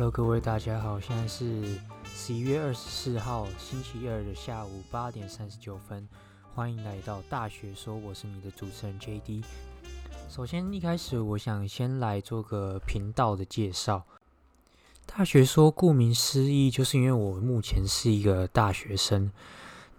Hello，各位大家好，現在是十一月二十四號星期二的下午八點三十九分，歡迎來到大學說，我是你的主持人 JD。首先一開始，我想先來做個頻道的介紹。大學說顧名思義，就是因為我目前是一個大學生，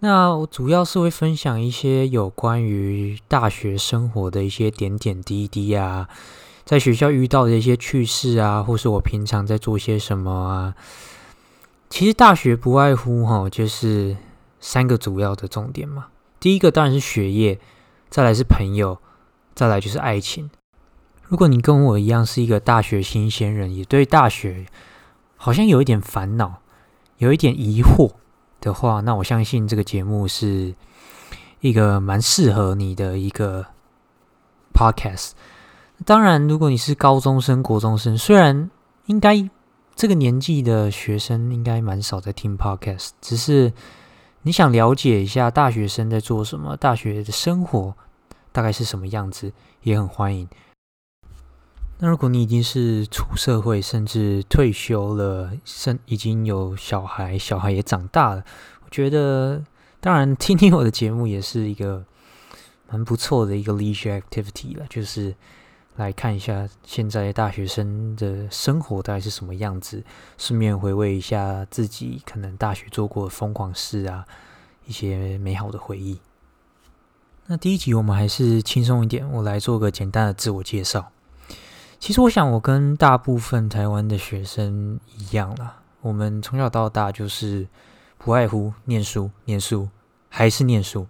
那我主要是會分享一些有關於大學生活的一些點點滴滴啊。在學校遇到的一些趣事啊，或是我平常在做些什麼啊，其實大學不外乎吼，就是三個主要的重點嘛。第一個當然是學業，再來是朋友，再來就是愛情。如果你跟我一樣是一個大學新鮮人，也對大學好像有一點煩惱，有一點疑惑的話，那我相信這個節目是一個蠻適合你的一個 podcast。當然，如果你是高中生、國中生，雖然應該這個年紀的學生應該蠻少在聽 podcast，只是你想了解一下大學生在做什麼，大學的生活大概是什麼樣子，也很歡迎。那如果你已經是出社會，甚至退休了，甚已經有小孩，小孩也長大了，我覺得當然聽聽我的節目也是一個蠻不錯的一個 leisure activity 了，就是。來看一下現在大學生的生活大概是什麼樣子，順便回味一下自己可能大學做過的瘋狂事啊，一些美好的回憶。那第一集我們還是輕鬆一點，我來做個簡單的自我介紹。其實我想我跟大部分台灣的學生一樣了，我們從小到大就是不外乎念書、念書還是念書。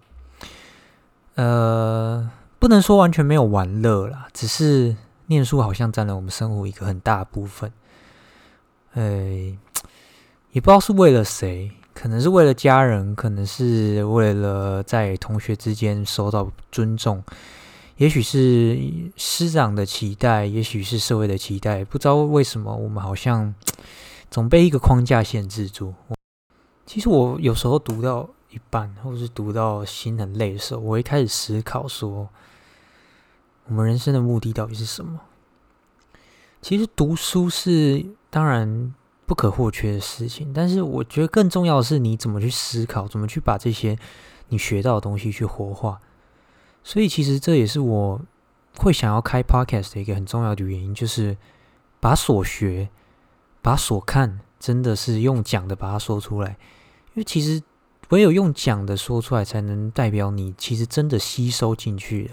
呃。不能說完全沒有玩樂啦，只是念書好像占了我們生活一個很大部分。誒、欸，也不知道是為了誰，可能是為了家人，可能是為了在同學之間受到尊重，也許是師長的期待，也許是社會的期待。不知道為什麼，我們好像總被一個框架限制住。其實我有時候讀到一半，或者是讀到心很累的時候，我會開始思考說。我們人生的目的到底是什麼？其實讀書是當然不可或缺的事情，但是我覺得更重要的是你怎麼去思考，怎麼去把這些你學到的東西去活化。所以，其實這也是我會想要開 Podcast 的一個很重要的原因，就是把所學、把所看，真的是用講的把它說出來，因為其實唯有用講的說出來，才能代表你其實真的吸收進去的。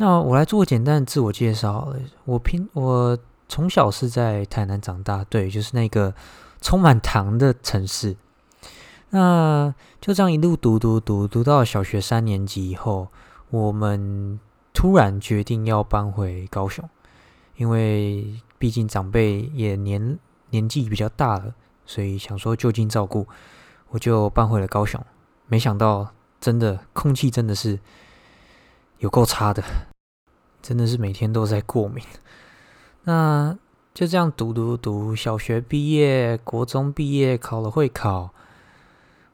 那我來做個簡單的自我介紹。我平我從小是在台南長大，對，就是那個充滿糖的城市。那就這樣一路讀讀讀讀到小學三年級以後，我們突然決定要搬回高雄，因為畢竟長輩也年年紀比較大了，所以想說就近照顧，我就搬回了高雄。沒想到真的，空氣真的是有夠差的。真的是每天都在過敏， 那就這樣讀讀讀。小學畢業，國中畢業，考了會考，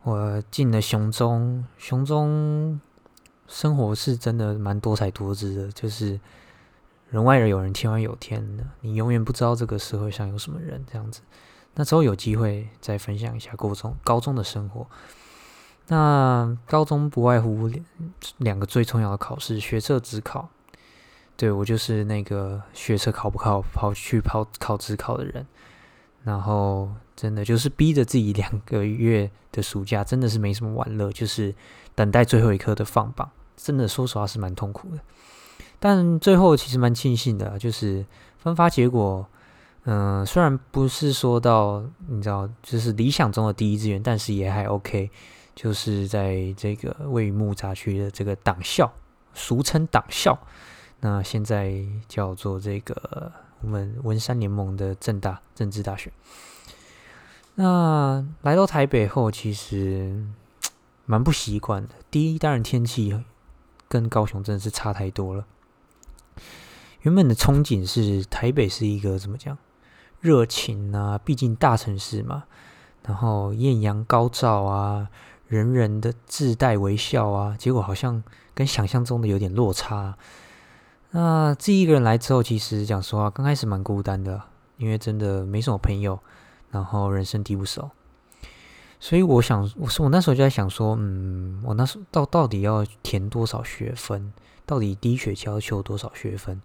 我進了雄中。雄中生活是真的蠻多彩多姿的，就是人外人有人天外有天的，你永遠不知道這個社會上有什麼人。這樣子，那之後有機會再分享一下高中高中的生活。那高中不外乎兩,兩個最重要的考試，學測、指考。對我就是那個學車考不考跑去跑考指考的人，然後真的就是逼着自己兩個月的暑假真的是沒什麼玩樂，就是等待最後一刻的放榜，真的說實話是蠻痛苦的。但最後其實蠻慶幸的，就是分發結果，嗯、呃，雖然不是說到你知道，就是理想中的第一志願，但是也還 OK，就是在這個位於木柵區的這個黨校，俗稱黨校。那現在叫做這個我們文山聯盟的政大政治大學。那來到台北後，其實蠻不習慣的。第一，當然天氣跟高雄真的是差太多了。原本的憧憬是台北是一個怎麼講熱情啊，畢竟大城市嘛。然後豔陽高照啊，人人的自帶微笑啊，結果好像跟想象中的有點落差。那自己一個人來之後，其實講實話，剛開始蠻孤單的，因為真的沒什麼朋友，然後人生地不熟，所以我想，我我那時候就在想說，嗯，我那時候到到底要填多少學分，到底學校要求多少學分？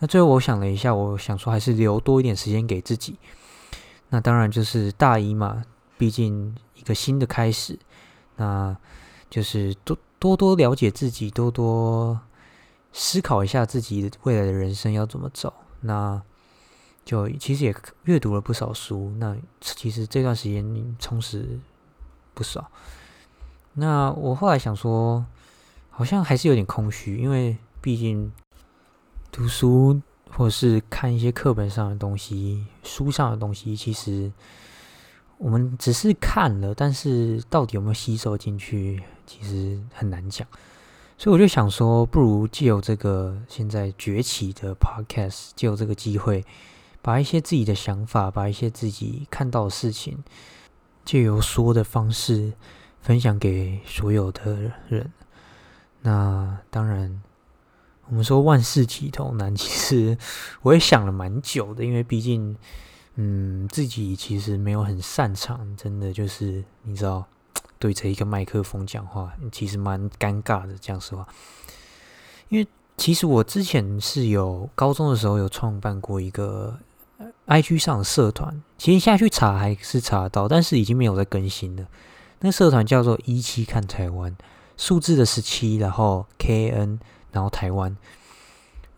那最後我想了一下，我想說還是留多一點時間給自己。那當然就是大一嘛，畢竟一個新的開始，那就是多多多了解自己，多多。思考一下自己未來的人生要怎麼走，那就其實也閱讀了不少書。那其實這段時間充實不少。那我後來想說，好像還是有點空虛，因為畢竟讀書或者是看一些課本上的東西、書上的東西，其實我們只是看了，但是到底有沒有吸收進去，其實很難講。所以我就想說，不如借由這個現在崛起的 podcast，借由這個機會，把一些自己的想法，把一些自己看到的事情，借由說的方式分享給所有的人。那當然，我們說萬事起頭難，其實我也想了蠻久的，因為畢竟，嗯，自己其實沒有很擅長，真的就是，你知道。對着一個麥克風講話，其實蠻尷尬的。講實話，因為其實我之前是有高中的時候有創辦過一個 IG 上的社團，其實下去查還是查得到，但是已經沒有在更新了。那社團叫做“一七看台灣”，數字的十七，然後 K N，然後台灣。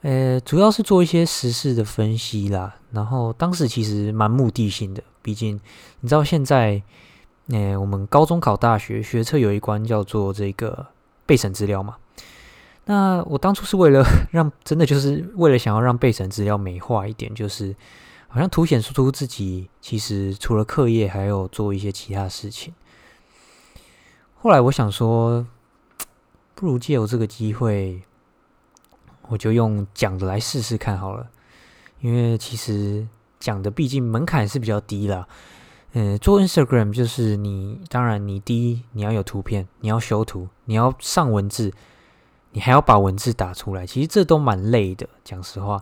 呃，主要是做一些時事的分析啦。然後當時其實蠻目的性的，畢竟你知道現在。哎、欸，我們高中考大學學測有一關叫做這個備審資料嘛。那我當初是為了讓，真的就是為了想要讓備審資料美化一點，就是好像凸顯出自己其實除了課業還有做一些其他事情。後來我想說，不如借由這個機會，我就用講的來試試看好了，因為其實講的畢竟門檻是比較低啦。嗯，做 Instagram 就是你，當然你第一你要有圖片，你要修圖，你要上文字，你還要把文字打出來。其實這都蠻累的，講實話。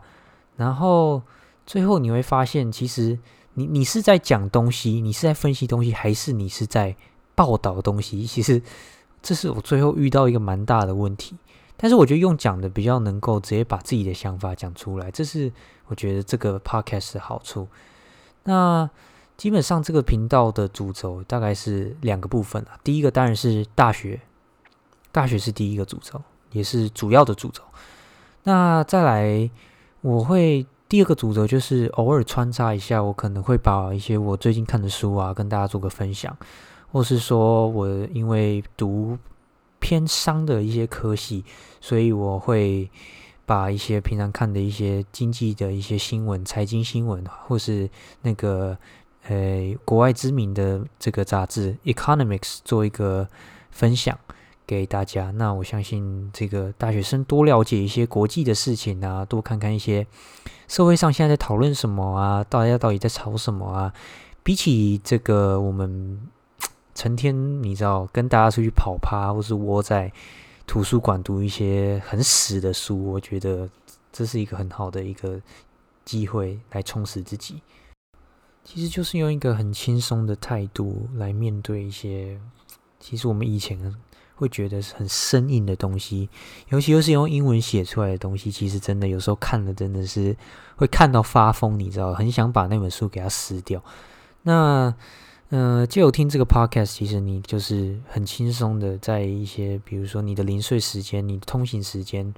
然後最後你會發現，其實你你是在講東西，你是在分析東西，還是你是在報道東西？其實這是我最後遇到一個蠻大的問題。但是我覺得用講的比較能夠直接把自己的想法講出來，這是我覺得這個 podcast 的好處。那。基本上這個頻道的主軸大概是兩個部分啊，第一個當然是大學，大學是第一個主軸，也是主要的主軸。那再來，我會第二個主軸就是偶爾穿插一下，我可能會把一些我最近看的書啊，跟大家做個分享，或是說我因為讀偏商的一些科系，所以我會把一些平常看的一些經濟的一些新聞、財經新聞啊，或是那個。呃，國外知名的這個雜誌《Economics》做一個分享給大家。那我相信，這個大學生多了解一些國際的事情啊，多看看一些社會上現在在討論什麼啊，大家到底在吵什麼啊。比起這個，我們成天你知道跟大家出去跑趴，或是窩在圖書館讀一些很死的書，我覺得這是一個很好的一個機會來充實自己。其實就是用一個很輕鬆的態度來面對一些，其實我們以前會覺得是很生硬的東西，尤其又是用英文寫出來的東西，其實真的有時候看了真的是會看到發瘋，你知道，很想把那本書給它撕掉。那嗯、呃，就有聽這個 podcast，其實你就是很輕鬆的，在一些比如說你的零碎時間、你通勤時間，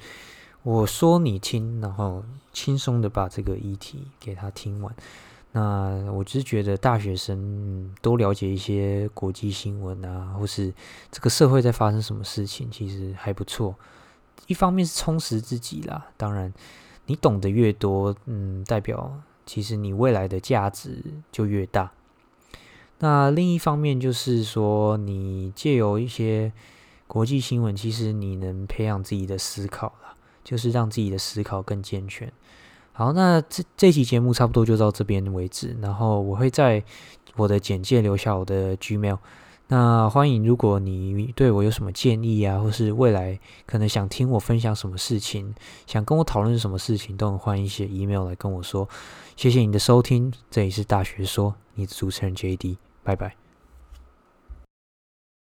我說你聽，然後輕鬆的把這個議題給它聽完。那我就是覺得大學生，嗯，多了解一些國際新聞啊，或是這個社會在發生什麼事情，其實還不錯。一方面是充實自己啦，當然你懂得越多，嗯，代表其實你未來的價值就越大。那另一方面就是說，你借由一些國際新聞，其實你能培養自己的思考啦，就是讓自己的思考更健全。好，那這這期節目差不多就到這邊為止。然後我會在我的簡介留下我的 Gmail。那歡迎，如果你對我有什麼建議啊，或是未來可能想聽我分享什麼事情，想跟我討論什麼事情，都很歡迎寫 email 來跟我說。謝謝你的收聽，這裡是大學說，你的主持人 JD，拜拜。